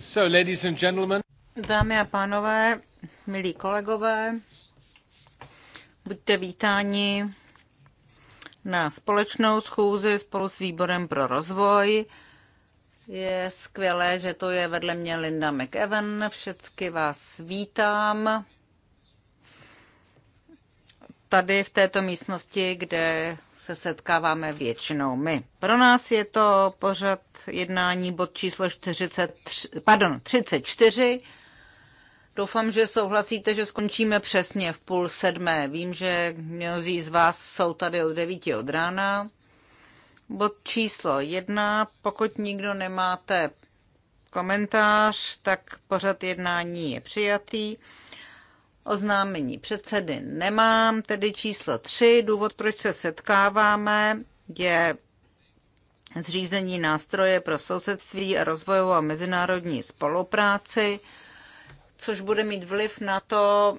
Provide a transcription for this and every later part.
So, ladies and gentlemen. Dámy a pánové, milí kolegové, buďte vítáni na společnou schůzi spolu s výborem pro rozvoj. Je skvělé, že to je vedle mě Linda McEwen. Všecky vás vítám tady v této místnosti, kde se setkáváme většinou my. Pro nás je to pořad jednání bod číslo 43, pardon, 34. Doufám, že souhlasíte, že skončíme přesně v půl sedmé. Vím, že mnozí z vás jsou tady od 9 od rána. Bod číslo jedna, pokud nikdo nemáte komentář, tak pořad jednání je přijatý. Oznámení předsedy nemám, tedy číslo tři Důvod, proč se setkáváme, je zřízení nástroje pro sousedství a rozvojovou a mezinárodní spolupráci, což bude mít vliv na to,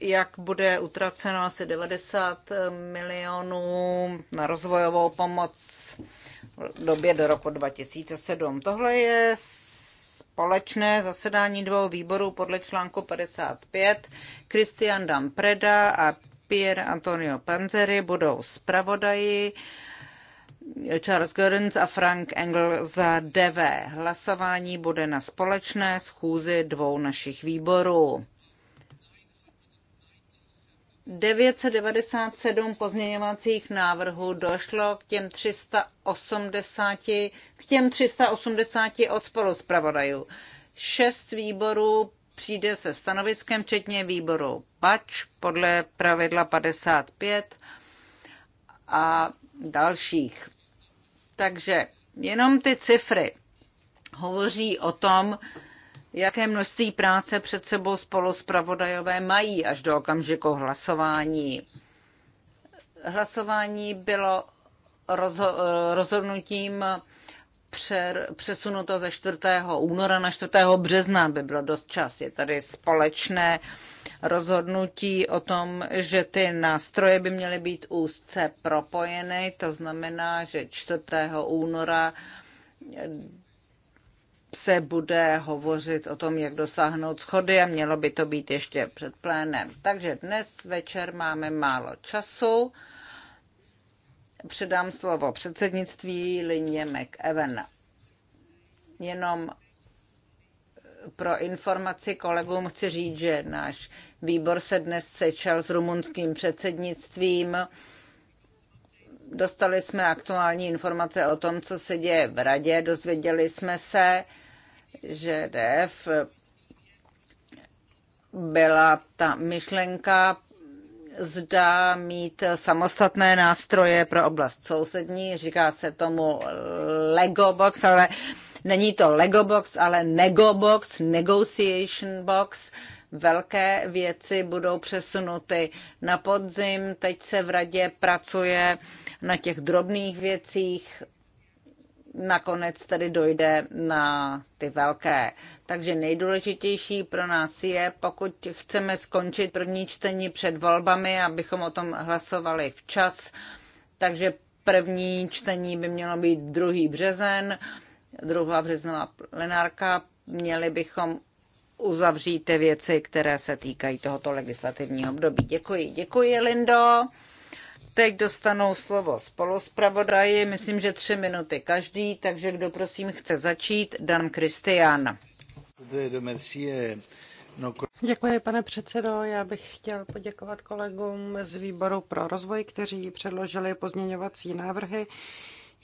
jak bude utraceno asi 90 milionů na rozvojovou pomoc v době do roku 2007. Tohle je společné zasedání dvou výborů podle článku 55. Christian Dampreda a Pier Antonio Panzeri budou zpravodaji. Charles Görens a Frank Engel za DV. Hlasování bude na společné schůzi dvou našich výborů. 997 pozměňovacích návrhů došlo k těm 380, k těm 380 od spoluzpravodajů. Šest výborů přijde se stanoviskem, včetně výboru PAČ podle pravidla 55 a dalších. Takže jenom ty cifry hovoří o tom, jaké množství práce před sebou spoluspravodajové mají až do okamžiku hlasování. Hlasování bylo rozhodnutím přesunuto ze 4. února na 4. března, by bylo dost čas. Je tady společné rozhodnutí o tom, že ty nástroje by měly být úzce propojeny, to znamená, že 4. února se bude hovořit o tom, jak dosáhnout schody a mělo by to být ještě před plénem. Takže dnes večer máme málo času. Předám slovo předsednictví Lině McEwen. Jenom pro informaci kolegům chci říct, že náš výbor se dnes sečel s rumunským předsednictvím. Dostali jsme aktuální informace o tom, co se děje v radě, dozvěděli jsme se, DF byla ta myšlenka zda mít samostatné nástroje pro oblast sousední, říká se tomu Lego Box, ale není to Lego Box, ale Nego Box, Negotiation Box. Velké věci budou přesunuty na podzim, teď se v radě pracuje na těch drobných věcích, nakonec tedy dojde na ty velké. Takže nejdůležitější pro nás je, pokud chceme skončit první čtení před volbami, abychom o tom hlasovali včas, takže první čtení by mělo být 2. březen, 2. březnová plenárka, měli bychom uzavřít ty věci, které se týkají tohoto legislativního období. Děkuji. Děkuji, Lindo. Teď dostanou slovo spoluspravodaji, myslím, že tři minuty každý, takže kdo prosím chce začít, Dan Kristián. Děkuji, pane předsedo. Já bych chtěl poděkovat kolegům z výboru pro rozvoj, kteří předložili pozměňovací návrhy.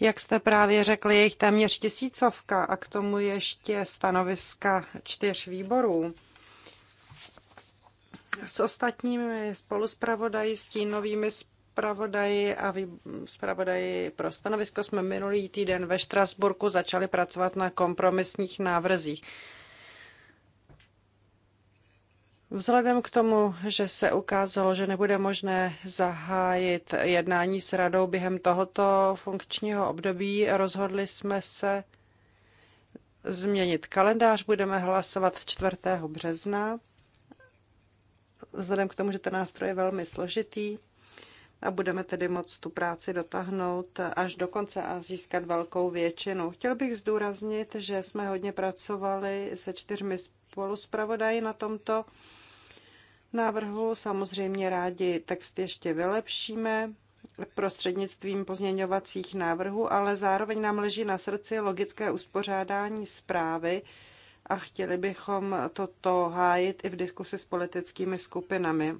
Jak jste právě řekli, je jich téměř tisícovka a k tomu ještě stanoviska čtyř výborů. S ostatními spoluspravodají, s tím novými zpravodaji a zpravodaji pro stanovisko jsme minulý týden ve Štrasburku začali pracovat na kompromisních návrzích. Vzhledem k tomu, že se ukázalo, že nebude možné zahájit jednání s radou během tohoto funkčního období, rozhodli jsme se změnit kalendář. Budeme hlasovat 4. března. Vzhledem k tomu, že ten nástroj je velmi složitý, a budeme tedy moct tu práci dotáhnout až do konce a získat velkou většinu. Chtěl bych zdůraznit, že jsme hodně pracovali se čtyřmi spoluspravodaji na tomto návrhu. Samozřejmě rádi text ještě vylepšíme prostřednictvím pozměňovacích návrhů, ale zároveň nám leží na srdci logické uspořádání zprávy a chtěli bychom toto hájit i v diskusi s politickými skupinami.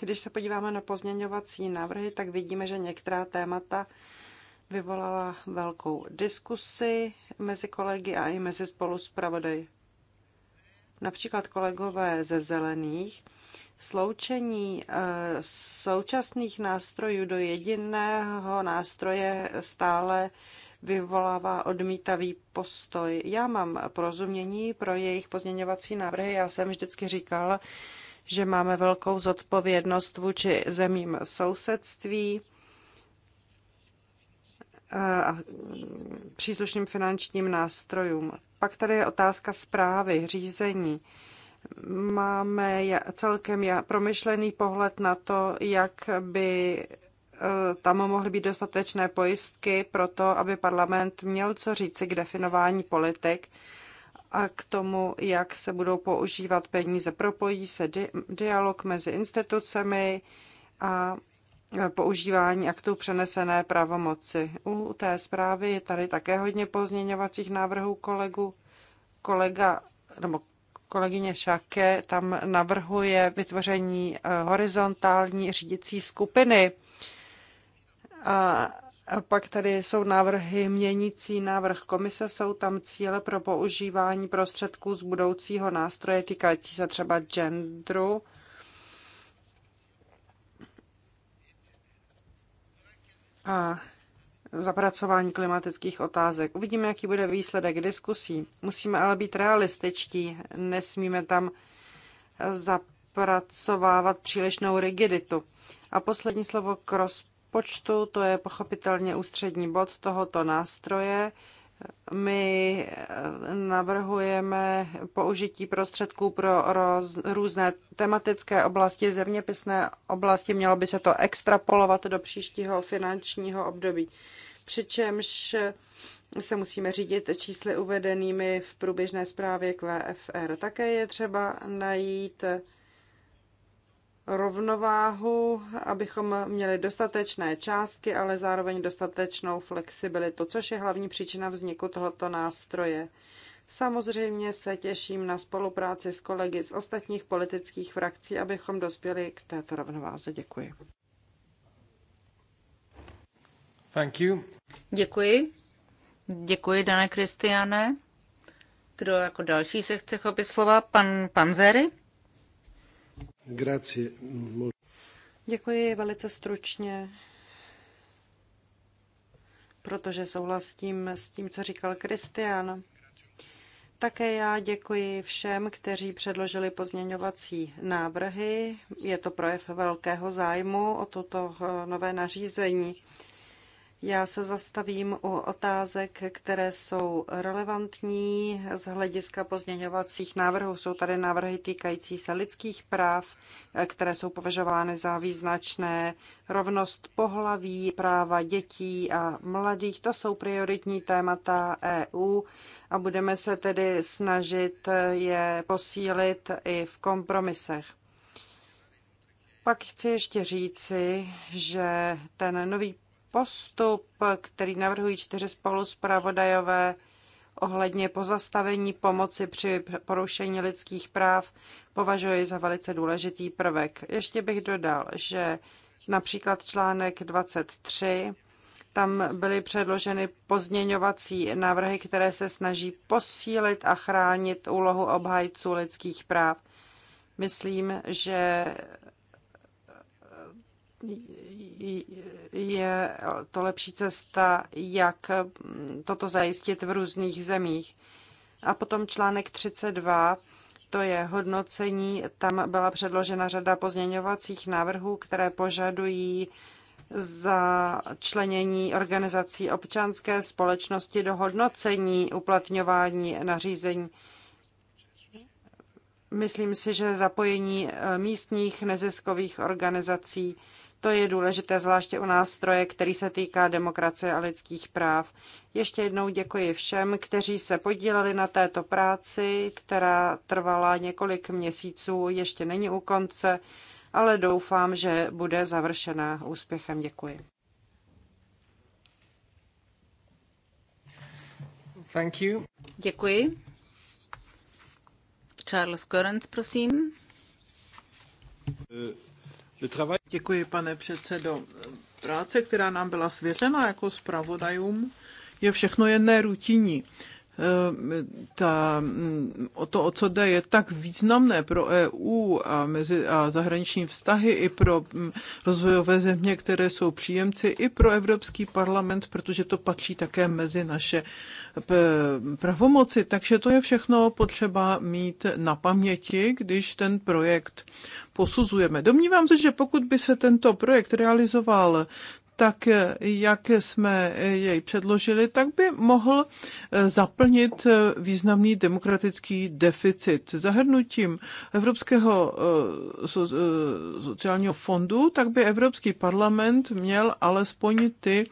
Když se podíváme na pozměňovací návrhy, tak vidíme, že některá témata vyvolala velkou diskusi mezi kolegy a i mezi spoluspravodaji. Například kolegové ze Zelených sloučení eh, současných nástrojů do jediného nástroje stále vyvolává odmítavý postoj. Já mám porozumění pro jejich pozměňovací návrhy. Já jsem vždycky říkal, že máme velkou zodpovědnost vůči zemím sousedství a příslušným finančním nástrojům. Pak tady je otázka zprávy, řízení. Máme celkem promyšlený pohled na to, jak by e, tam mohly být dostatečné pojistky pro to, aby parlament měl co říci k definování politik a k tomu, jak se budou používat peníze. Propojí se di- dialog mezi institucemi a používání aktů přenesené pravomoci. U té zprávy je tady také hodně pozměňovacích návrhů kolegu. Kolega nebo kolegyně Šake tam navrhuje vytvoření eh, horizontální řídící skupiny. A a pak tady jsou návrhy měnící návrh komise, jsou tam cíle pro používání prostředků z budoucího nástroje týkající se třeba genderu. A zapracování klimatických otázek. Uvidíme, jaký bude výsledek diskusí. Musíme ale být realističtí, nesmíme tam zapracovávat přílišnou rigiditu. A poslední slovo k rozpočtu Počtu to je pochopitelně ústřední bod tohoto nástroje. My eh, navrhujeme použití prostředků pro roz, různé tematické oblasti, zeměpisné oblasti. Mělo by se to extrapolovat do příštího finančního období. Přičemž se musíme řídit čísly uvedenými v průběžné zprávě k VFR. Také je třeba najít rovnováhu, abychom měli dostatečné částky, ale zároveň dostatečnou flexibilitu, což je hlavní příčina vzniku tohoto nástroje. Samozřejmě se těším na spolupráci s kolegy z ostatních politických frakcí, abychom dospěli k této rovnováze. Děkuji. Thank you. Děkuji. Děkuji, Dana Kristiane. Kdo jako další se chce chopit slova? Pan Panzery? Děkuji velice stručně, protože souhlasím s tím, co říkal Kristian. Také já děkuji všem, kteří předložili pozměňovací návrhy. Je to projev velkého zájmu o toto eh, nové nařízení. Já se zastavím u otázek, které jsou relevantní z hlediska pozměňovacích návrhů. Jsou tady návrhy týkající se lidských práv, které jsou považovány za význačné, rovnost pohlaví, práva dětí a mladých. To jsou prioritní témata EU a budeme se tedy snažit je posílit i v kompromisech. Pak chci ještě říci, že ten nový postup, který navrhují čtyři spoluspravodajové ohledně pozastavení pomoci při porušení lidských práv, považuji za velice důležitý prvek. Ještě bych dodal, že například článek 23 tam byly předloženy pozměňovací návrhy, které se snaží posílit a chránit úlohu obhajců lidských práv. Myslím, že je to lepší cesta, jak toto zajistit v různých zemích. A potom článek 32, to je hodnocení. Tam byla předložena řada pozměňovacích návrhů, které požadují za členění organizací občanské společnosti do hodnocení uplatňování nařízení. Myslím si, že zapojení místních neziskových organizací to je důležité zvláště u nástroje, který se týká demokracie a lidských práv. Ještě jednou děkuji všem, kteří se podíleli na této práci, která trvala několik měsíců, ještě není u konce, ale doufám, že bude završena úspěchem. Děkuji. Thank you. Děkuji. Charles Current, prosím. Uh. Děkuji, pane předsedo. Práce, která nám byla svěřena jako zpravodajům, je všechno jedné rutinní. Ehm, ta, mm, o to, o co jde, je tak významné pro EU a, mezi, a zahraniční vztahy i pro mm, rozvojové země, které jsou příjemci, i pro Evropský parlament, protože to patří také mezi naše pravomoci. Takže to je všechno potřeba mít na paměti, když ten projekt posuzujeme. Domnívám se, že pokud by se tento projekt realizoval tak eh, jak jsme eh, jej předložili, tak by mohl eh, zaplnit významný demokratický deficit. Zahrnutím Evropského sociálního fondu, tak by Evropský parlament měl alespoň ty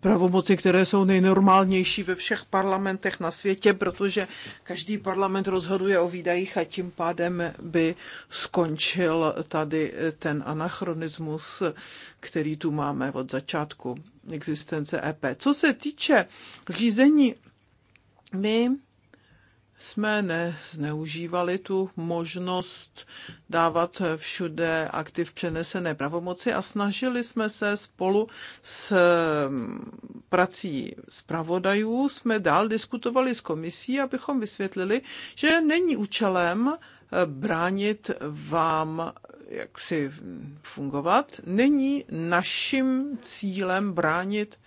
pravomoci, které jsou nejnormálnější ve všech parlamentech na světě, protože každý parlament rozhoduje o výdajích a tím pádem by skončil tady ten anachronismus, který tu tu máme od začátku existence EP. Co se týče řízení, my jsme nezneužívali tu možnost dávat všude aktiv přenesené pravomoci a snažili jsme se spolu s mm, prací zpravodajů, jsme dál diskutovali s komisí, abychom vysvětlili, že není účelem bránit vám jaksi fungovat. Není naším cílem bránit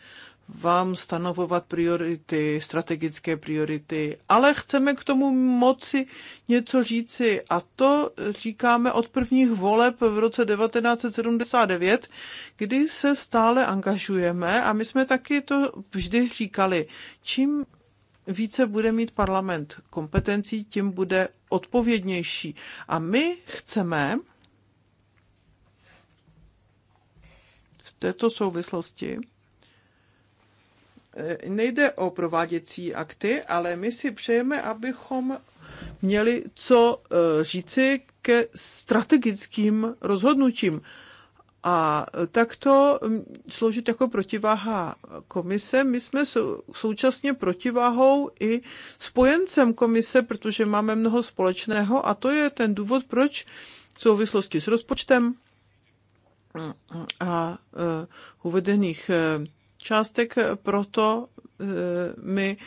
vám stanovovat priority, strategické priority, ale chceme k tomu moci něco říci. A to říkáme od prvních voleb v roce 1979, kdy se stále angažujeme a my jsme taky to vždy říkali. Čím více bude mít parlament kompetencí, tím bude odpovědnější. A my chceme, této souvislosti eh, nejde o prováděcí akty, ale my si přejeme, abychom měli co eh, říci ke strategickým rozhodnutím. A takto mm, sloužit jako protiváha komise. My jsme současně protiváhou i spojencem komise, protože máme mnoho společného a to je ten důvod, proč v souvislosti s rozpočtem a eh, uvedených eh, částek, proto eh, my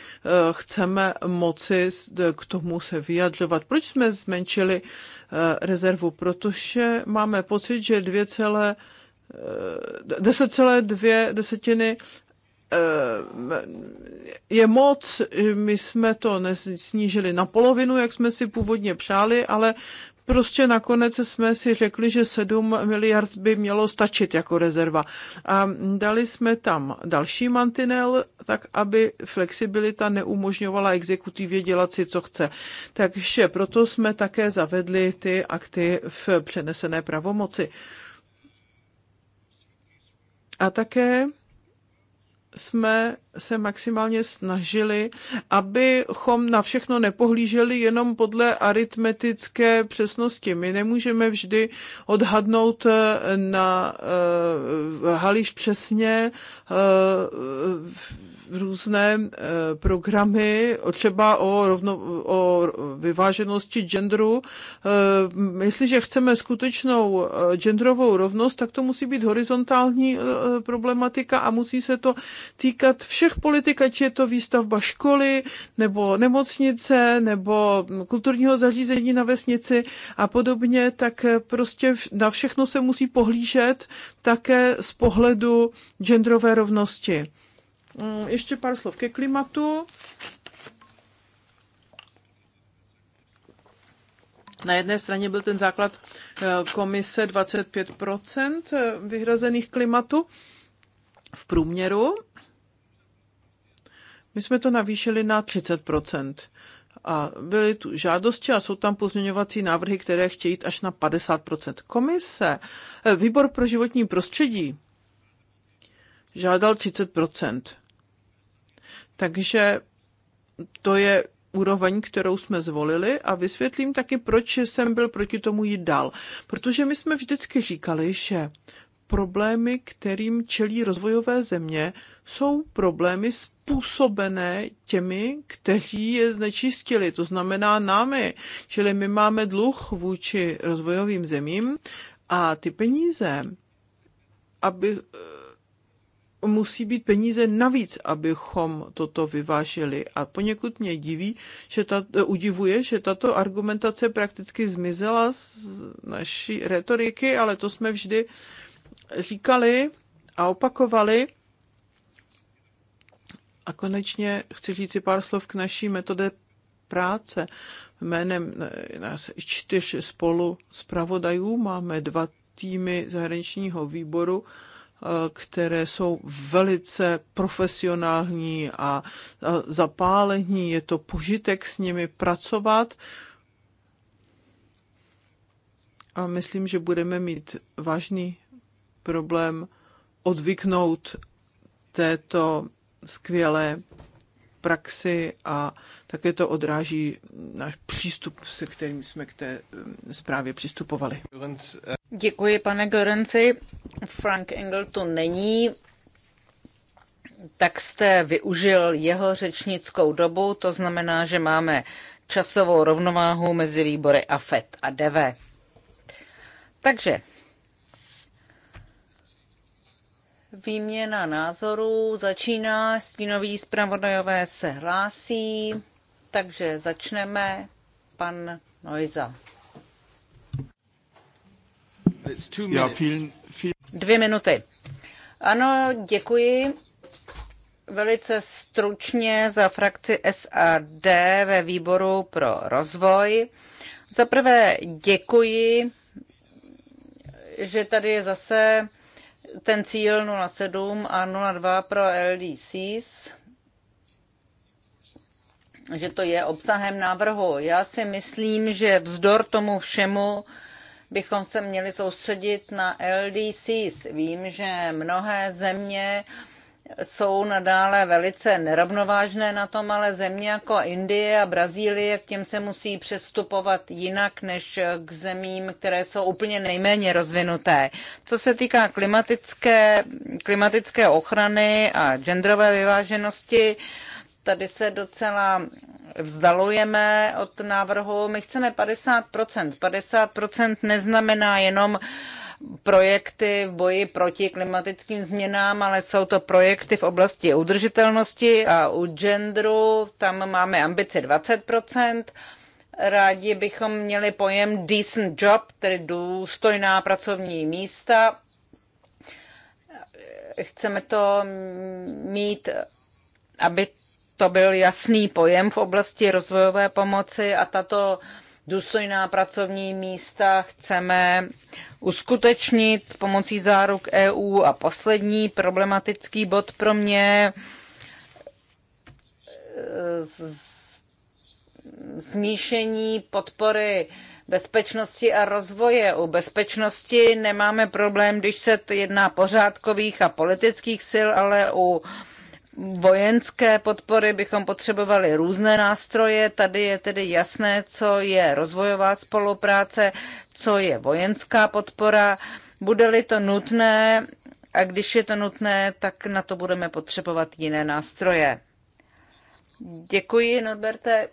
chceme moci k tomu se vyjadřovat. Proč jsme zmenšili rezervu? Protože máme pocit, že 10,2 desetiny je moc, my jsme to snížili na polovinu, jak jsme si původně přáli, ale prostě nakonec jsme si řekli, že 7 miliard by mělo stačit jako rezerva. A dali jsme tam další mantinel, tak aby flexibilita neumožňovala exekutivě dělat si, co chce. Takže proto jsme také zavedli ty akty v přenesené pravomoci. A také jsme se maximálně snažili, abychom na všechno nepohlíželi jenom podle aritmetické přesnosti. My nemůžeme vždy odhadnout eh, na uh, eh, halíš přesně uh, různé eh, programy, třeba o, rovno, o vyváženosti genderu. Eh, jestliže chceme skutečnou eh, genderovou rovnost, tak to musí být horizontální problematika a musí se to týkat všech politik, ať je to výstavba školy, nebo nemocnice, nebo kulturního zařízení na vesnici a podobně, tak prostě na všechno se musí pohlížet také z pohledu genderové rovnosti. Mm, ještě pár slov ke klimatu. Na jedné straně byl ten základ eh, komise 25 eh, vyhrazených klimatu v průměru. My jsme to navýšili na 30 a byly tu žádosti a jsou tam pozměňovací návrhy, které chtějí jít až na 50 Komise, eh, výbor pro životní prostředí žádal 30 takže to je úroveň, kterou jsme zvolili a vysvětlím taky, proč jsem byl proti tomu jít dál. Protože my jsme vždycky říkali, že problémy, kterým čelí rozvojové země, jsou problémy způsobené těmi, kteří je znečistili, to znamená námi. Čili my máme dluh vůči rozvojovým zemím a ty peníze, aby musí být peníze navíc, abychom toto vyvážili. A poněkud mě diví, že ta, udivuje, že tato argumentace prakticky zmizela z naší retoriky, ale to jsme vždy říkali a opakovali. A konečně chci říct si pár slov k naší metode práce. Jménem nás čtyř spolu zpravodajů máme dva týmy zahraničního výboru, Eh, které jsou velice profesionální a zapálení. Je to požitek s nimi pracovat. A myslím, že budeme mít vážný problém odvyknout této skvělé praxi a také to odráží náš přístup, se kterým jsme k té eh, zprávě přistupovali. Děkuji, pane Gorenci. Frank Engel tu není, tak jste využil jeho řečnickou dobu, to znamená, že máme časovou rovnováhu mezi výbory AFET a e DV. Takže výměna názorů začíná, stínoví zpravodajové se hlásí, takže začneme. Pan Noiza. Dvě minuty. Ano, děkuji. Velice stručně za frakci SAD ve výboru pro rozvoj. Za prvé děkuji, že tady je zase ten cíl 0,7 a 0,2 pro LDCs, že to je obsahem návrhu. Já si myslím, že vzdor tomu všemu bychom se měli soustředit na LDCs. Vím, že mnohé země uh, jsou nadále velice nerovnovážné na tom, ale země jako Indie a Brazílie k těm se musí přestupovat jinak než k zemím, které jsou úplně nejméně rozvinuté. Co se týká klimatické, klimatické ochrany a genderové vyváženosti, tady se docela vzdalujeme od návrhu. My chceme 50%. 50% neznamená jenom uh, projekty v boji proti klimatickým změnám, ale jsou to projekty v oblasti udržitelnosti a u genderu tam máme ambici 20 Rádi bychom měli pojem decent job, tedy důstojná pracovní místa. Chceme to mít, aby to byl jasný pojem v oblasti rozvojové pomoci a tato důstojná pracovní místa chceme uskutečnit pomocí záruk EU. A poslední problematický bod pro mě smíšení podpory bezpečnosti a rozvoje. U bezpečnosti nemáme problém, když se jedná pořádkových a politických sil, ale u vojenské podpory bychom potřebovali různé nástroje. Tady je tedy jasné, co je rozvojová spolupráce, co je vojenská podpora. Bude-li to nutné a když je to nutné, tak na to budeme potřebovat jiné nástroje. Děkuji, Norberte.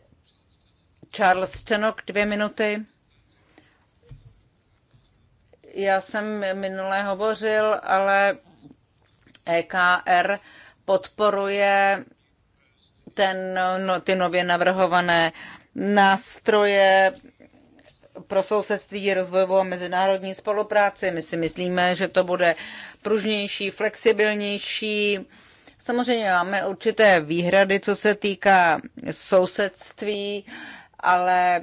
Charles Stenok, dvě minuty. Já jsem minule hovořil, ale EKR podporuje ten, no, ty nově navrhované nástroje pro sousedství, rozvojovou a mezinárodní spolupráci. My si myslíme, že to bude pružnější, flexibilnější. Samozřejmě máme určité výhrady, co se týká sousedství, ale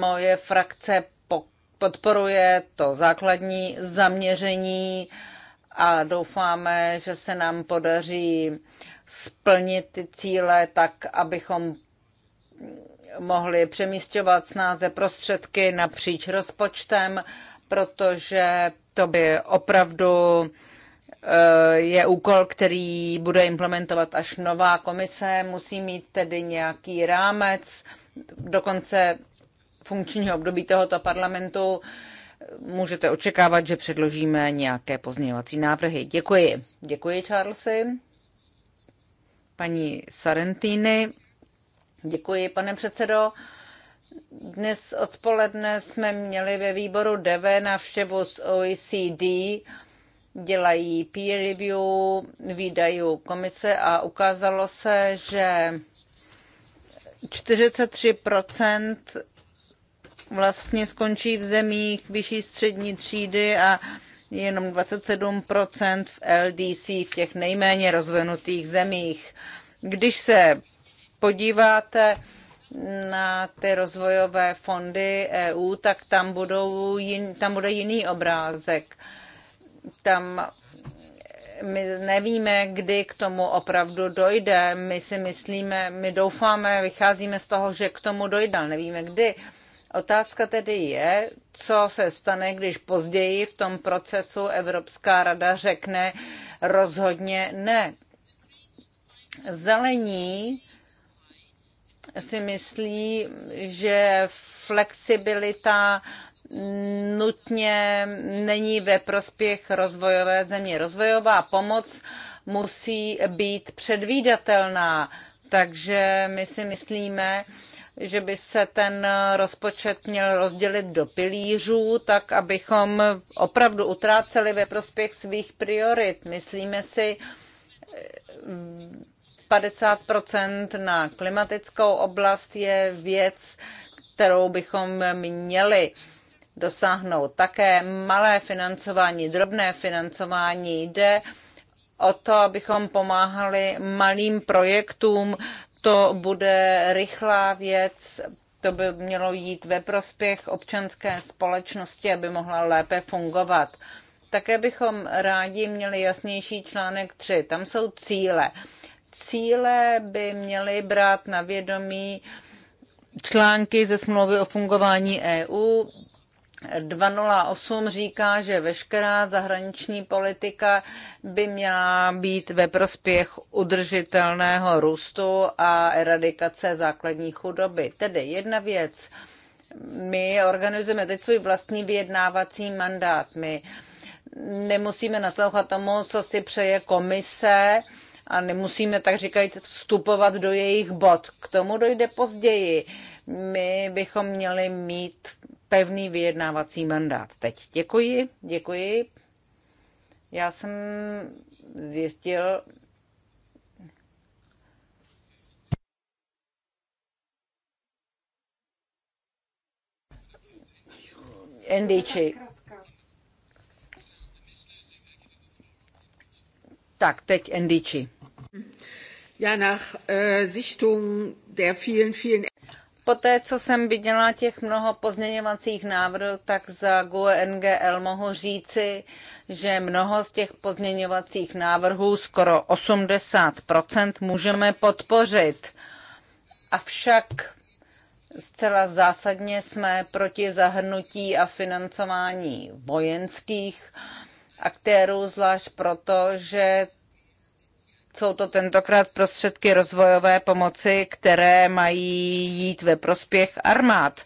moje frakce podporuje to základní zaměření a doufáme, že se nám podaří splnit ty cíle tak, abychom mohli přemístovat snáze prostředky napříč rozpočtem, protože to by opravdu eh, je úkol, který bude implementovat až nová komise. Musí mít tedy nějaký rámec do konce funkčního období tohoto parlamentu můžete očekávat, že předložíme nějaké pozměňovací návrhy. Děkuji. Děkuji, Charlesy. Paní Sarentýny. Děkuji, pane předsedo. Dnes odpoledne jsme měli ve výboru DV návštěvu z OECD. Dělají peer review výdajů komise a ukázalo se, že 43 vlastně skončí v zemích vyšší střední třídy a jenom 27% v LDC, v těch nejméně rozvinutých zemích. Když se podíváte na ty rozvojové fondy EU, tak tam, budou jin, tam bude jiný obrázek. Tam my nevíme, kdy k tomu opravdu dojde. My si myslíme, my doufáme, vycházíme z toho, že k tomu dojde, ale nevíme kdy. Otázka tedy je, co se stane, když později v tom procesu Evropská rada řekne rozhodně ne. Zelení si myslí, že flexibilita nutně není ve prospěch rozvojové země. Rozvojová pomoc musí být předvídatelná, takže my si myslíme, že by se ten rozpočet měl rozdělit do pilířů, tak abychom opravdu utráceli ve prospěch svých priorit. Myslíme si 50 na klimatickou oblast je věc, kterou bychom měli dosáhnout. Také malé financování, drobné financování jde o to, abychom pomáhali malým projektům, to bude rychlá věc, to by mělo jít ve prospěch občanské společnosti, aby mohla lépe fungovat. Také bychom rádi měli jasnější článek 3. Tam jsou cíle. Cíle by měly brát na vědomí články ze smlouvy o fungování EU, 208 říká, že veškerá zahraniční politika by měla být ve prospěch udržitelného růstu a eradikace základní chudoby. Tedy jedna věc, my organizujeme teď svůj vlastní vyjednávací mandát. My nemusíme naslouchat tomu, co si přeje komise a nemusíme, tak říkajíc, vstupovat do jejich bod. K tomu dojde později. My bychom měli mít pevný vyjednávací mandát. Teď děkuji, děkuji. Já jsem zjistil, Endiči. Tak, teď Endiči. Ja, nach äh, Sichtung der vielen, vielen po té, co jsem viděla těch mnoho pozměňovacích návrhů, tak za GUE NGL mohu říci, že mnoho z těch pozměňovacích návrhů, skoro 80%, můžeme podpořit. Avšak zcela zásadně jsme proti zahrnutí a financování vojenských aktérů, zvlášť proto, že jsou to tentokrát prostředky rozvojové pomoci, které mají jít ve prospěch armád.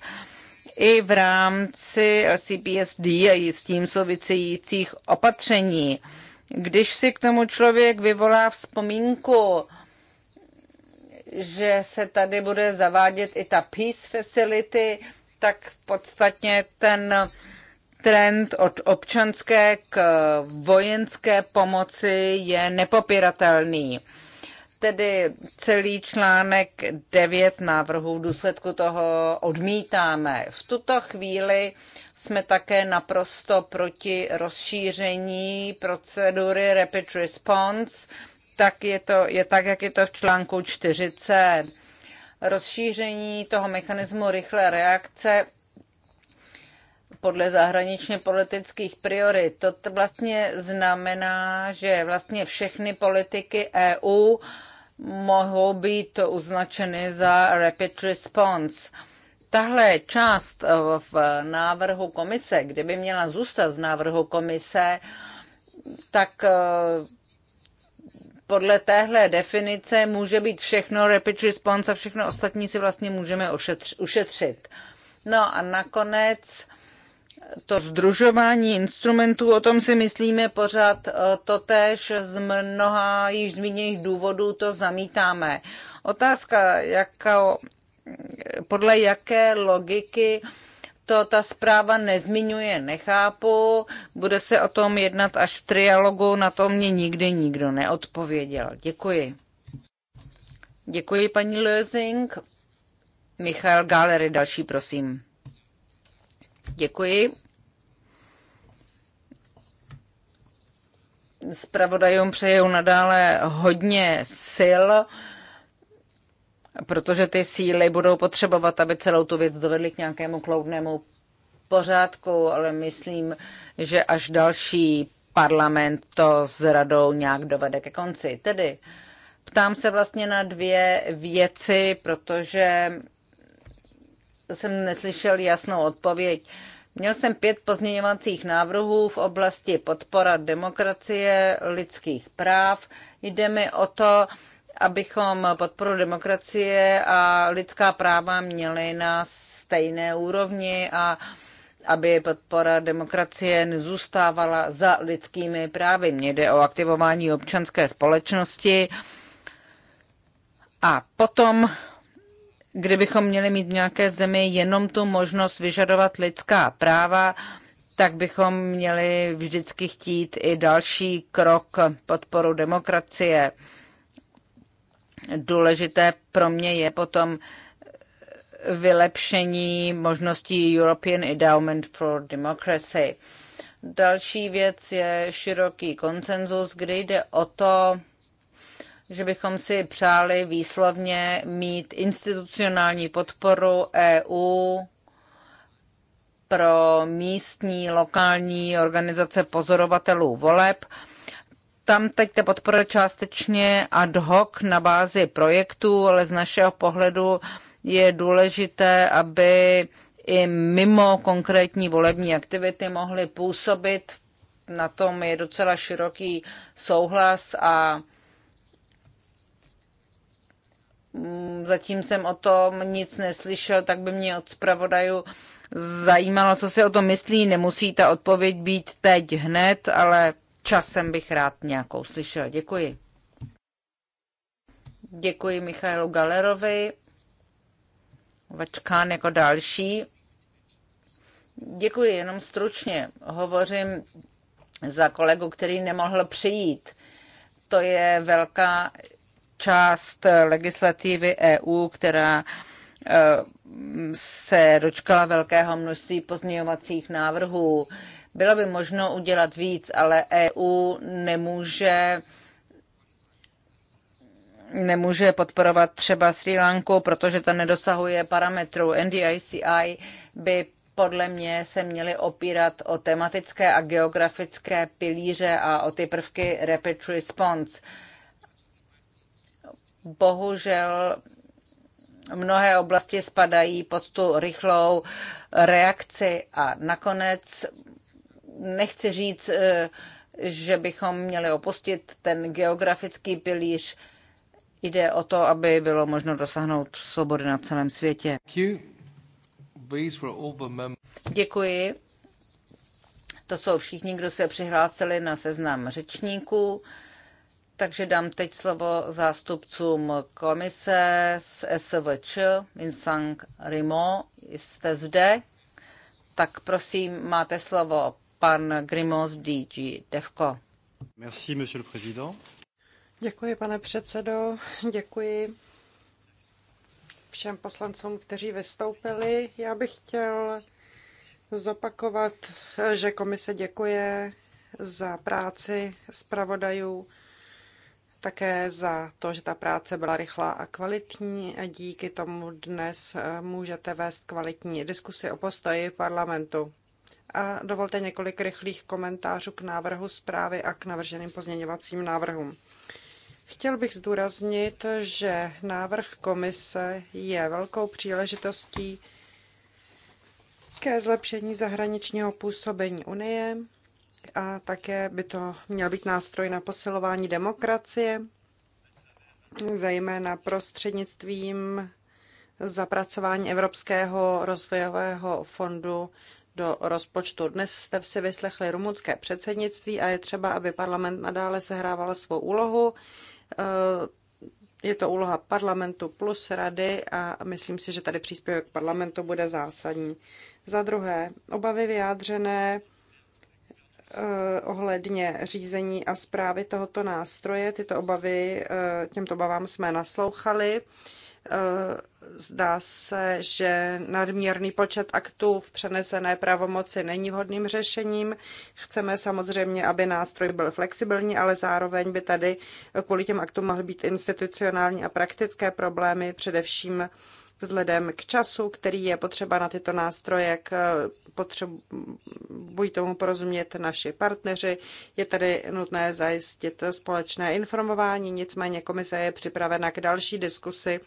I v rámci LCPSD a s tím souvisejících opatření. Když si k tomu člověk vyvolá vzpomínku, že se tady bude zavádět i ta Peace Facility, tak v podstatě ten trend od občanské k vojenské pomoci je nepopiratelný. Tedy celý článek 9 návrhu v důsledku toho odmítáme. V tuto chvíli jsme také naprosto proti rozšíření procedury Rapid Response, tak je, to, je tak, jak je to v článku 40. Rozšíření toho mechanismu rychlé reakce podle zahraničně politických priorit. To vlastně znamená, že vlastně všechny politiky EU mohou být označeny za rapid response. Tahle část v návrhu komise, kdyby měla zůstat v návrhu komise, tak eh, podle téhle definice může být všechno rapid response a všechno ostatní si vlastně můžeme ušetřit. No a nakonec to združování instrumentů, o tom si myslíme pořád e, totéž z mnoha již zmíněných důvodů to zamítáme. Otázka, jaká, podle jaké logiky to ta zpráva nezmiňuje, nechápu. Bude se o tom jednat až v trialogu, na to mě nikdy nikdo neodpověděl. Děkuji. Děkuji, paní Lösing. Michal Galery, další, prosím. Děkuji. Spravodajům přeju nadále hodně sil, protože ty síly budou potřebovat, aby celou tu věc dovedli k nějakému kloudnému pořádku, ale myslím, že až další parlament to s radou nějak dovede ke konci. Tedy ptám se vlastně na dvě věci, protože jsem neslyšel jasnou odpověď. Měl jsem pět pozměňovacích návrhů v oblasti podpora demokracie, lidských práv. Jde mi o to, abychom podporu demokracie a lidská práva měli na stejné úrovni a aby podpora demokracie nezůstávala za lidskými právy. Mně jde o aktivování občanské společnosti. A potom kdybychom měli mít v nějaké zemi jenom tu možnost vyžadovat lidská práva, tak bychom měli vždycky chtít i další krok podporu demokracie. Důležité pro mě je potom vylepšení možností European Endowment for Democracy. Další věc je široký konsenzus, kde jde o to, že bychom si přáli výslovně mít institucionální podporu EU pro místní, lokální organizace pozorovatelů voleb. Tam teď ta podpora částečně ad hoc na bázi projektů, ale z našeho pohledu je důležité, aby i mimo konkrétní volební aktivity mohly působit. Na tom je docela široký souhlas a Mm, zatím jsem o tom nic neslyšel, tak by mě od zpravodajů zajímalo, co si o tom myslí. Nemusí ta odpověď být teď hned, ale časem bych rád nějakou slyšel. Děkuji. Děkuji Michailu Galerovi. Vačkán jako další. Děkuji, jenom stručně. Hovořím za kolegu, který nemohl přijít. To je velká část eh, legislativy EU, která eh, se dočkala velkého množství pozměňovacích návrhů. Bylo by možno udělat víc, ale EU nemůže nemůže podporovat třeba Sri Lanku, protože ta nedosahuje parametrů. NDICI by podle mě se měly opírat o tematické a geografické pilíře a o ty prvky rapid response bohužel mnohé oblasti spadají pod tu rychlou reakci a nakonec nechci říct, eh, že bychom měli opustit ten geografický pilíř. Jde o to, aby bylo možno dosáhnout svobody na celém světě. Děkuji. To jsou všichni, kdo se přihlásili na seznam řečníků. Takže dám teď slovo zástupcům komise z SVČ, Insang Rimo, jste zde. Tak prosím, máte slovo pan Grimos DG Devko. Merci, monsieur le président. Děkuji, pane předsedo, děkuji všem poslancům, kteří vystoupili. Já bych chtěl zopakovat, že komise děkuje za práci zpravodajů také za to, že ta práce byla rychlá a kvalitní a díky tomu dnes eh, můžete vést kvalitní diskusy o postoji parlamentu. A dovolte několik rychlých komentářů k návrhu zprávy a k navrženým pozměňovacím návrhům. Chtěl bych zdůraznit, že návrh komise je velkou příležitostí ke zlepšení zahraničního působení Unie a také by to měl být nástroj na posilování demokracie, zejména prostřednictvím zapracování Evropského rozvojového fondu do rozpočtu. Dnes jste si vyslechli rumunské předsednictví a je třeba, aby parlament nadále sehrával svou úlohu. Eh, je to úloha parlamentu plus rady a myslím si, že tady příspěvek parlamentu bude zásadní. Za druhé, obavy vyjádřené Eh, ohledně řízení a zprávy tohoto nástroje. Tyto obavy, eh, těmto obavám jsme naslouchali. Eh, zdá se, že nadměrný počet aktů v přenesené pravomoci není vhodným řešením. Chceme samozřejmě, aby nástroj byl flexibilní, ale zároveň by tady kvůli těm aktům mohly být institucionální a praktické problémy, především vzhledem k času, který je potřeba na tyto nástroje, jak eh, potřebují tomu porozumět naši partneři. Je tedy nutné zajistit společné informování, nicméně komise je připravena k další diskusi,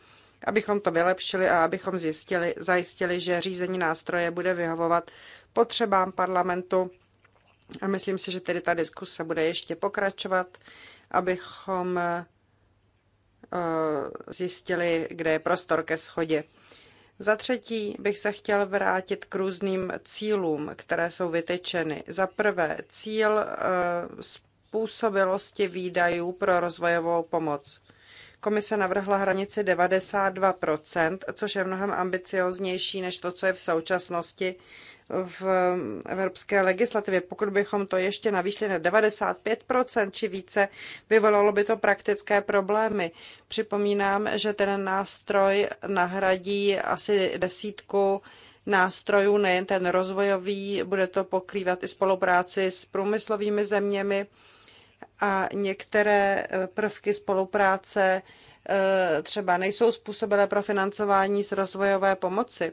abychom to vylepšili a abychom zjistili, zajistili, že řízení nástroje bude vyhovovat potřebám parlamentu. A myslím si, že tedy ta diskuse bude ještě pokračovat, abychom eh, Eh, zjistili, kde je prostor ke schodě. Za třetí bych se chtěl vrátit k různým cílům, které jsou vytečeny. Za prvé, cíl eh, způsobilosti výdajů pro rozvojovou pomoc. Komise navrhla hranici 92%, což je mnohem ambicioznější než to, co je v současnosti v evropské legislativě. Pokud bychom to ještě navýšili na 95% či více, vyvolalo by to praktické problémy. Připomínám, že ten nástroj nahradí asi desítku nástrojů, nejen ten rozvojový, bude to pokrývat i spolupráci s průmyslovými zeměmi a některé eh, prvky spolupráce eh, třeba nejsou způsobené pro financování z rozvojové pomoci.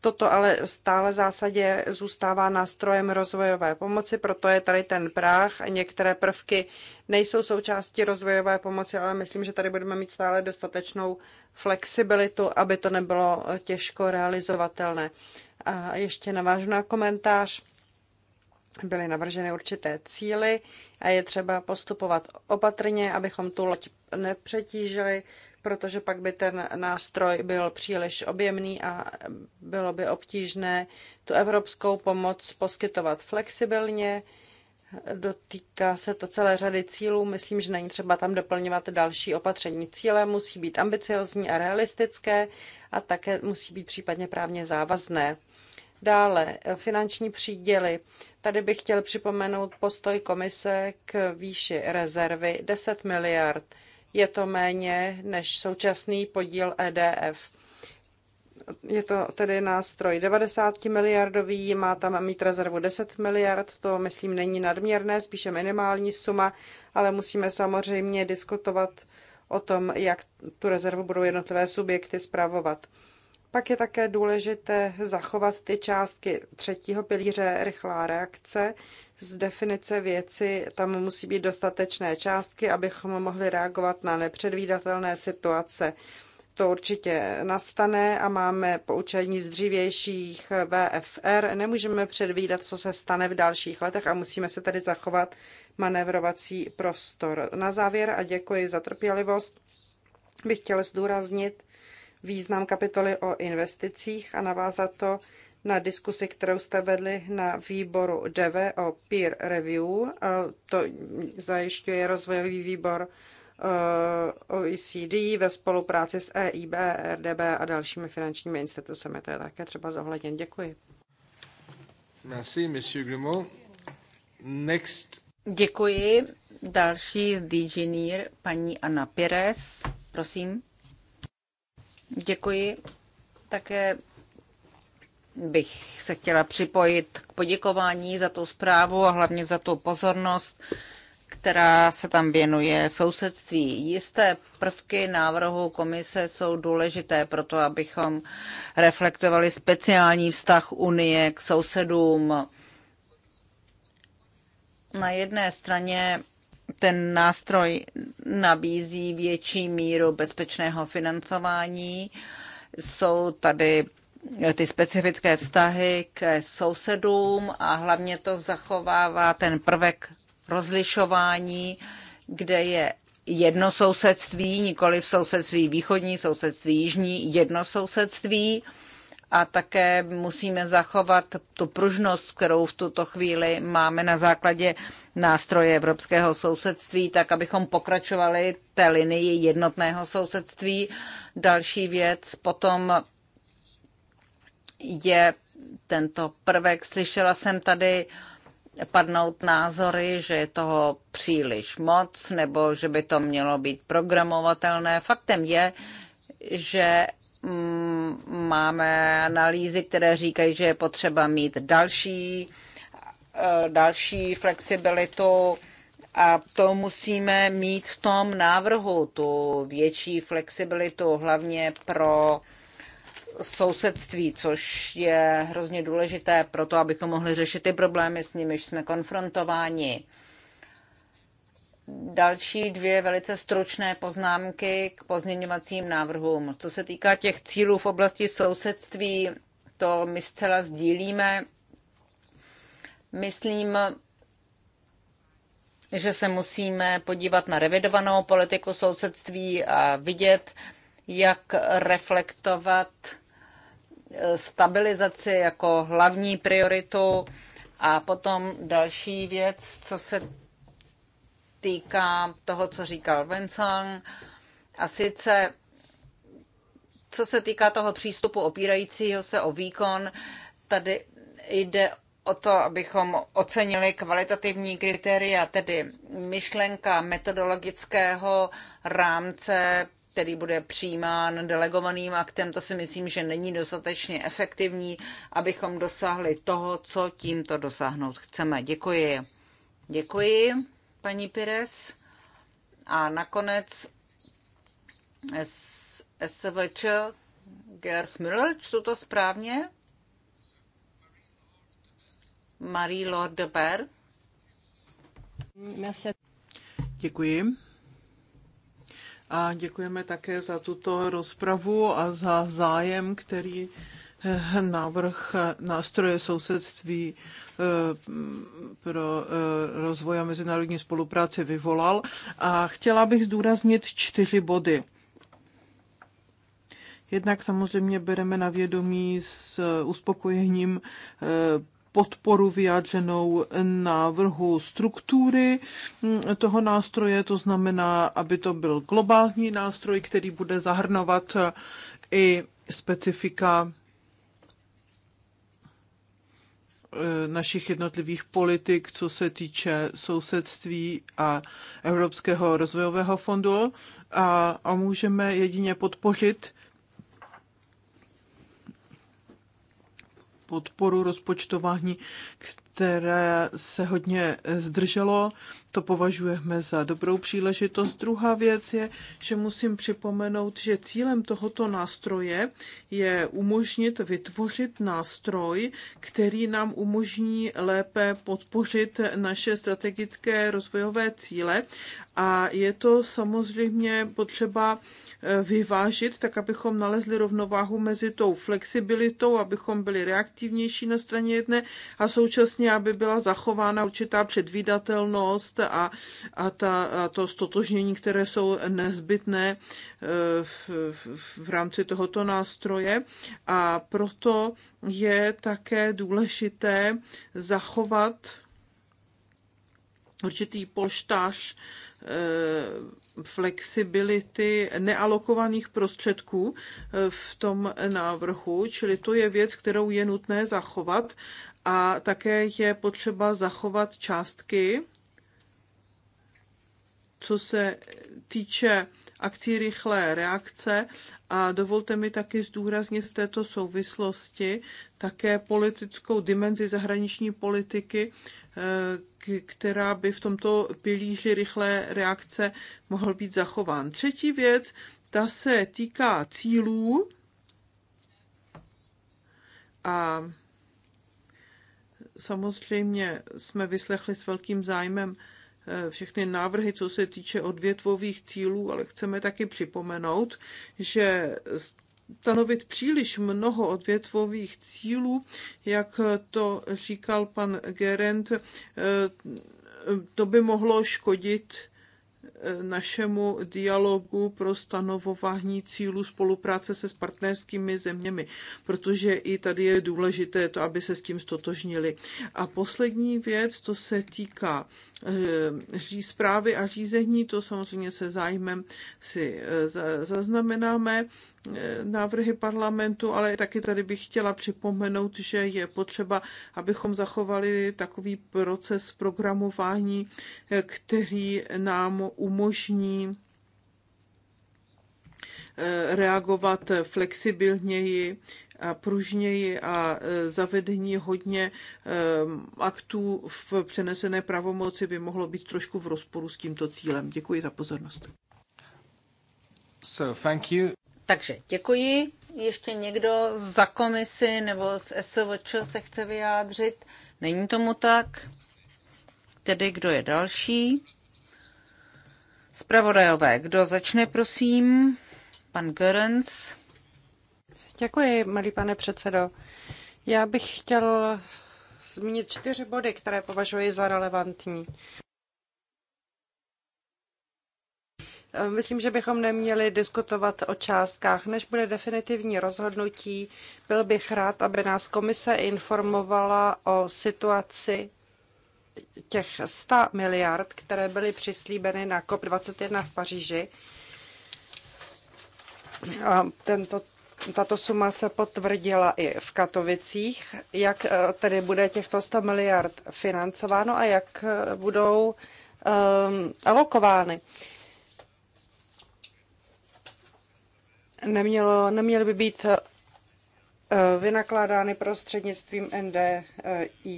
Toto ale stále v zásadě zůstává nástrojem rozvojové pomoci, proto je tady ten práh. Některé prvky nejsou součástí rozvojové pomoci, ale myslím, že tady budeme mít stále dostatečnou flexibilitu, aby to nebylo těžko realizovatelné. A ještě navážu na komentář. Byly navrženy určité cíly a je třeba postupovat opatrně, abychom tu loď nepřetížili protože pak by ten nástroj byl příliš objemný a bylo by obtížné tu evropskou pomoc poskytovat flexibilně. Dotýká se to celé řady cílů. Myslím, že není třeba tam doplňovat další opatření. Cíle musí být ambiciozní a realistické a také musí být případně právně závazné. Dále finanční příděly. Tady bych chtěl připomenout postoj komise k výši rezervy 10 miliard je to méně než současný podíl EDF. Je to tedy nástroj 90 miliardový, má tam mít rezervu 10 miliard, to myslím není nadměrné, spíše minimální suma, ale musíme samozřejmě diskutovat o tom, jak tu rezervu budou jednotlivé subjekty zpravovat. Pak je také důležité zachovat ty částky třetího pilíře rychlá reakce. Z definice věci tam musí být dostatečné částky, abychom mohli reagovat na nepředvídatelné situace. To určitě nastane a máme poučení z dřívějších VFR. Nemůžeme předvídat, co se stane v dalších letech a musíme se tedy zachovat manevrovací prostor. Na závěr a děkuji za trpělivost bych chtěla zdůraznit, význam kapitoly o investicích a navázat to na diskusi, kterou jste vedli na výboru DEVE o peer review. To zajišťuje rozvojový výbor eh, OECD ve spolupráci s EIB, RDB a dalšími finančními institucemi. To je také třeba zohledněn. Děkuji. Merci, monsieur Grimaud. Next. Děkuji. Další z DGNIR, paní Ana Pires. Prosím. Děkuji. Také bych se chtěla připojit k poděkování za tu zprávu a hlavně za tu pozornost, která se tam věnuje sousedství. Jisté prvky návrhu komise jsou důležité pro to, abychom reflektovali speciální vztah Unie k sousedům. Na jedné straně ten nástroj nabízí větší míru bezpečného financování. Jsou tady ty specifické vztahy k sousedům a hlavně to zachovává ten prvek rozlišování, kde je jedno sousedství, nikoli v sousedství východní, sousedství jižní, jedno sousedství a také musíme zachovat tu pružnost, kterou v tuto chvíli máme na základě nástroje evropského sousedství, tak abychom pokračovali té linii jednotného sousedství. Další věc potom je tento prvek. Slyšela jsem tady padnout názory, že je toho příliš moc nebo že by to mělo být programovatelné. Faktem je, že máme analýzy, které říkají, že je potřeba mít další, eh, další flexibilitu a to musíme mít v tom návrhu, tu větší flexibilitu, hlavně pro sousedství, což je hrozně důležité pro to, abychom mohli řešit ty problémy, s nimiž jsme konfrontováni další dvě velice stručné poznámky k pozměňovacím návrhům. Co se týká těch cílů v oblasti sousedství, to my zcela sdílíme. Myslím, že se musíme podívat na revidovanou politiku sousedství a vidět, jak reflektovat eh, stabilizaci jako hlavní prioritu. A potom další věc, co se týká toho, co říkal Vincent. A sice, co se týká toho přístupu opírajícího se o výkon, tady jde o to, abychom ocenili kvalitativní kritéria, tedy myšlenka metodologického rámce, který bude přijímán delegovaným aktem, to si myslím, že není dostatečně efektivní, abychom dosáhli toho, co tímto dosáhnout chceme. Děkuji. Děkuji paní Pires. A nakonec SVČ Gerch Müller, čtu to správně? Marie Lord de Ber. Děkuji. A děkujeme také za tuto rozpravu a za zájem, který návrh nástroje sousedství eh, pro eh, rozvoj a mezinárodní spolupráci vyvolal. A chtěla bych zdůraznit čtyři body. Jednak samozřejmě bereme na vědomí s uspokojením eh, podporu vyjádřenou návrhu struktury hm, toho nástroje, to znamená, aby to byl globální nástroj, který bude zahrnovat i specifika Eh, našich jednotlivých politik, co se týče sousedství a Evropského rozvojového fondu a, a můžeme jedině podpořit podporu rozpočtování, které se hodně zdrželo. To považujeme za dobrou příležitost. Druhá věc je, že musím připomenout, že cílem tohoto nástroje je umožnit vytvořit nástroj, který nám umožní lépe podpořit naše strategické rozvojové cíle. A je to samozřejmě potřeba Eh, vyvážit, tak abychom nalezli rovnováhu mezi tou flexibilitou, abychom byli reaktivnější na straně jedné a současně, aby byla zachována určitá předvídatelnost a, a, ta, a to stotožnění, které jsou nezbytné eh, v, v, v rámci tohoto nástroje. A proto je také důležité zachovat určitý polštář Eh, flexibility nealokovaných prostředků eh, v tom návrhu, čili to je věc, kterou je nutné zachovat a také je potřeba zachovat částky, co se týče akcí rychlé reakce a dovolte mi taky zdůraznit v této souvislosti také politickou dimenzi zahraniční politiky, která by v tomto pilíři rychlé reakce mohl být zachován. Třetí věc, ta se týká cílů a samozřejmě jsme vyslechli s velkým zájmem eh, všechny návrhy, co se týče odvětvových cílů, ale chceme taky připomenout, že stanovit příliš mnoho odvětvových cílů, jak to říkal pan Gerent, to by mohlo škodit eh, našemu dialogu pro stanovování cílů spolupráce se s partnerskými zeměmi, protože i tady je důležité to, aby se s tím stotožnili. A poslední věc, to se týká eh, zprávy a řízení, to samozřejmě se zájmem si eh, zaznamenáme. Eh, návrhy parlamentu, ale taky tady bych chtěla připomenout, že je potřeba, abychom zachovali takový proces programování, eh, který nám umožní eh, reagovat flexibilněji, a pružněji a zavedení hodně aktů v přenesené pravomoci by mohlo být trošku v rozporu s tímto cílem. Děkuji za pozornost. So, thank you. Takže děkuji. Ještě někdo za komisi nebo z SVČ se chce vyjádřit? Není tomu tak. Tedy kdo je další? Spravodajové, kdo začne, prosím? Pan Görens. Děkuji, milý pane předsedo. Já bych chtěl zmínit čtyři body, které považuji za relevantní. Eh, myslím, že bychom neměli diskutovat o částkách. Než bude definitivní rozhodnutí, byl bych rád, aby nás komise informovala o situaci těch 100 miliard, které byly přislíbeny na COP21 v Paříži. A tento, tato suma se potvrdila i v Katovicích. Jak eh, tedy bude těchto 100 miliard financováno a jak eh, budou um, alokovány? nemělo, neměly by být eh, vynakládány prostřednictvím NDICI.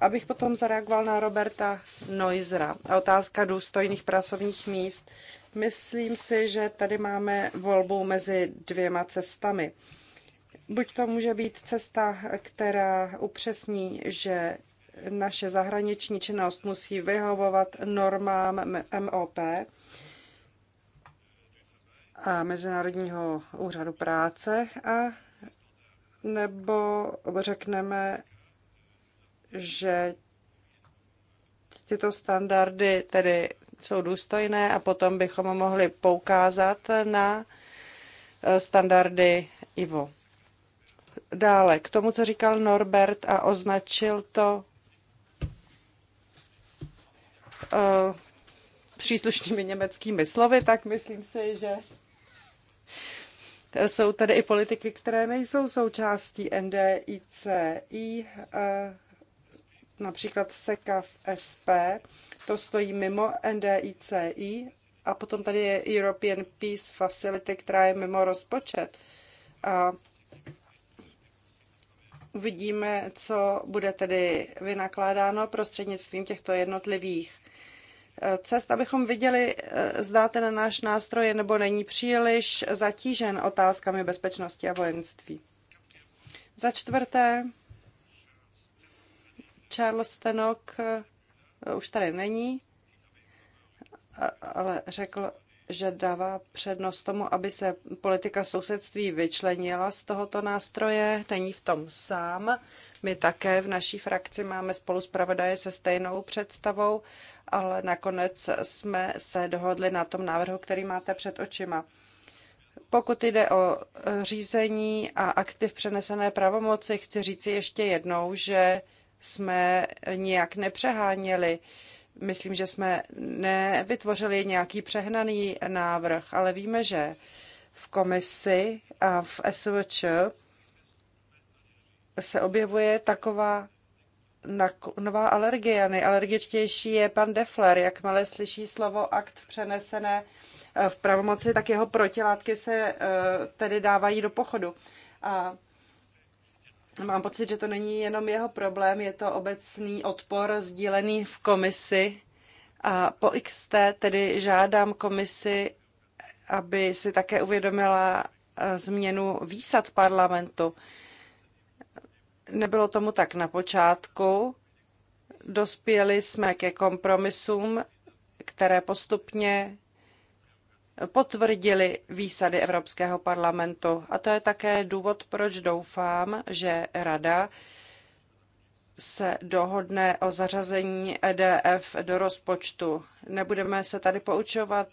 Abych potom zareagoval na Roberta Noizera. Otázka důstojných pracovních míst. Myslím si, že tady máme volbu mezi dvěma cestami. Buď to může být cesta, která upřesní, že naše zahraniční činnost musí vyhovovat normám MOP, a Mezinárodního úřadu práce a nebo řekneme, že tyto standardy tedy jsou důstojné a potom bychom mohli poukázat na eh, standardy IVO. Dále k tomu, co říkal Norbert a označil to uh, příslušnými německými slovy, tak myslím si, že jsou tady i politiky, které nejsou součástí NDICI, eh, například SECAF SP, to stojí mimo NDICI a potom tady je European Peace Facility, která je mimo rozpočet. A uvidíme, co bude tedy vynakládáno prostřednictvím těchto jednotlivých cest, abychom viděli, eh, zda ten náš nástroj nebo není příliš zatížen otázkami bezpečnosti a vojenství. Za čtvrté, Charles Stenok eh, už tady není, ale řekl, že dává přednost tomu, aby se politika sousedství vyčlenila z tohoto nástroje. Není v tom sám. My také v naší frakci máme spolu zpravodaje se stejnou představou, ale nakonec jsme se dohodli na tom návrhu, který máte před očima. Pokud jde o řízení a aktiv přenesené pravomoci, chci říci ještě jednou, že jsme nijak nepřeháněli. Myslím, že jsme nevytvořili nějaký přehnaný návrh, ale víme, že v komisi a v SVČ se objevuje taková nová alergie. Nejalergičtější je pan Defler. Jakmile slyší slovo akt přenesené eh, v pravomoci, tak jeho protilátky se eh, tedy dávají do pochodu. A mám pocit, že to není jenom jeho problém, je to obecný odpor sdílený v komisi. A po XT tedy žádám komisi, aby si také uvědomila eh, změnu výsad parlamentu. Nebylo tomu tak na počátku. Dospěli jsme ke kompromisům, které postupně potvrdili výsady Evropského parlamentu. A to je také důvod, proč doufám, že Rada se dohodne o zařazení EDF do rozpočtu. Nebudeme se tady poučovat,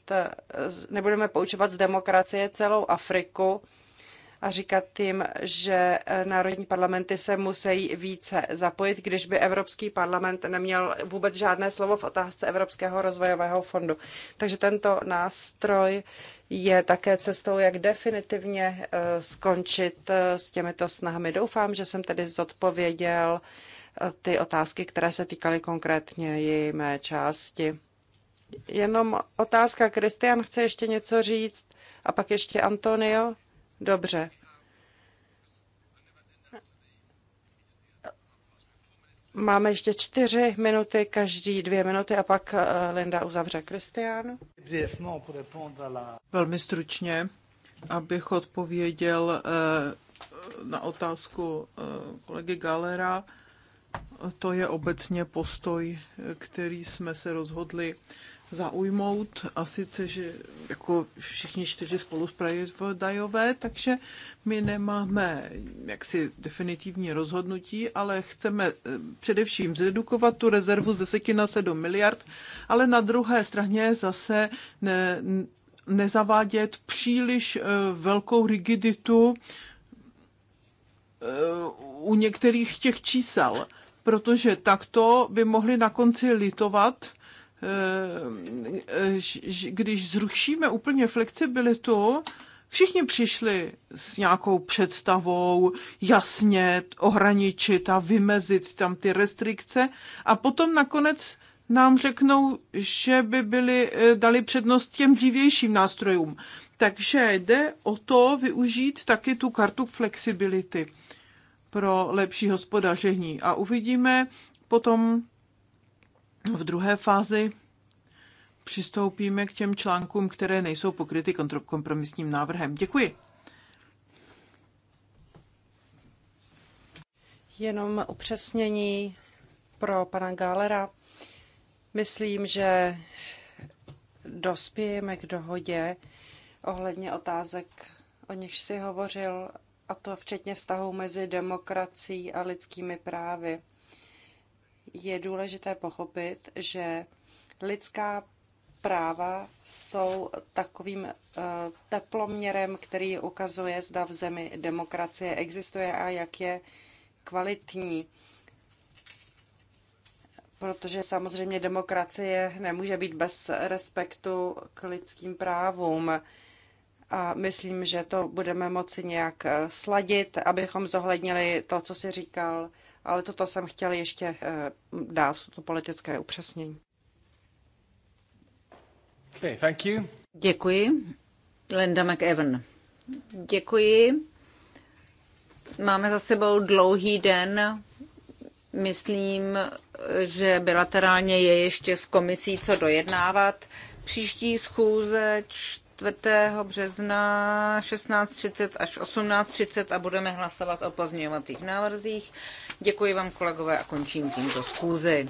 nebudeme poučovat z demokracie celou Afriku, a říkat jim, že eh, národní parlamenty se musí více zapojit, když by Evropský parlament neměl vůbec žádné slovo v otázce Evropského rozvojového fondu. Takže tento nástroj je také cestou, jak definitivně eh, skončit eh, s těmito snahami. Doufám, že jsem tedy zodpověděl ty otázky, které se týkaly konkrétně její mé části. Jenom otázka, Kristian chce ještě něco říct a pak ještě Antonio. Dobře. Máme ještě čtyři minuty, každý dvě minuty a pak eh, Linda uzavře. Kristiánu. Velmi stručně, abych odpověděl eh, na otázku eh, kolegy Galera. To je obecně postoj, který jsme se rozhodli zaujmout, a sice, že jako všichni čtyři spoluspravodajové, takže my nemáme jaksi definitivní rozhodnutí, ale chceme eh, především zredukovat tu rezervu z 10 na 7 miliard, ale na druhé straně zase ne, nezavádět příliš eh, velkou rigiditu eh, u některých těch čísel, protože takto by mohli na konci litovat, Eh, eh, když zrušíme úplně flexibilitu, všichni přišli s nějakou představou jasně ohraničit a vymezit tam ty restrikce a potom nakonec nám řeknou, že by byli, eh, dali přednost těm dřívějším nástrojům. Takže jde o to využít taky tu kartu flexibility pro lepší hospodaření. A uvidíme potom, v druhé fázi přistoupíme k těm článkům, které nejsou pokryty kompromisním návrhem. Děkuji. Jenom upřesnění pro pana Gálera. Myslím, že dospějeme k dohodě ohledně otázek, o nichž si hovořil, a to včetně vztahu mezi demokracií a lidskými právy je důležité pochopit, že lidská práva jsou takovým eh, teploměrem, který ukazuje, zda v zemi demokracie existuje a jak je kvalitní. Protože samozřejmě demokracie nemůže být bez respektu k lidským právům. A myslím, že to budeme moci nějak eh, sladit, abychom zohlednili to, co si říkal ale toto jsem chtěl ještě eh, dát, to politické upřesnění. Okay, thank you. Děkuji. Linda McEvan. Děkuji. Máme za sebou dlouhý den. Myslím, že bilaterálně je ještě s komisí co dojednávat. Příští schůze 4. března 16.30 až 18.30 a budeme hlasovat o pozměňovacích návrzích. Děkuji vám kolegové a končím tímto schůzi.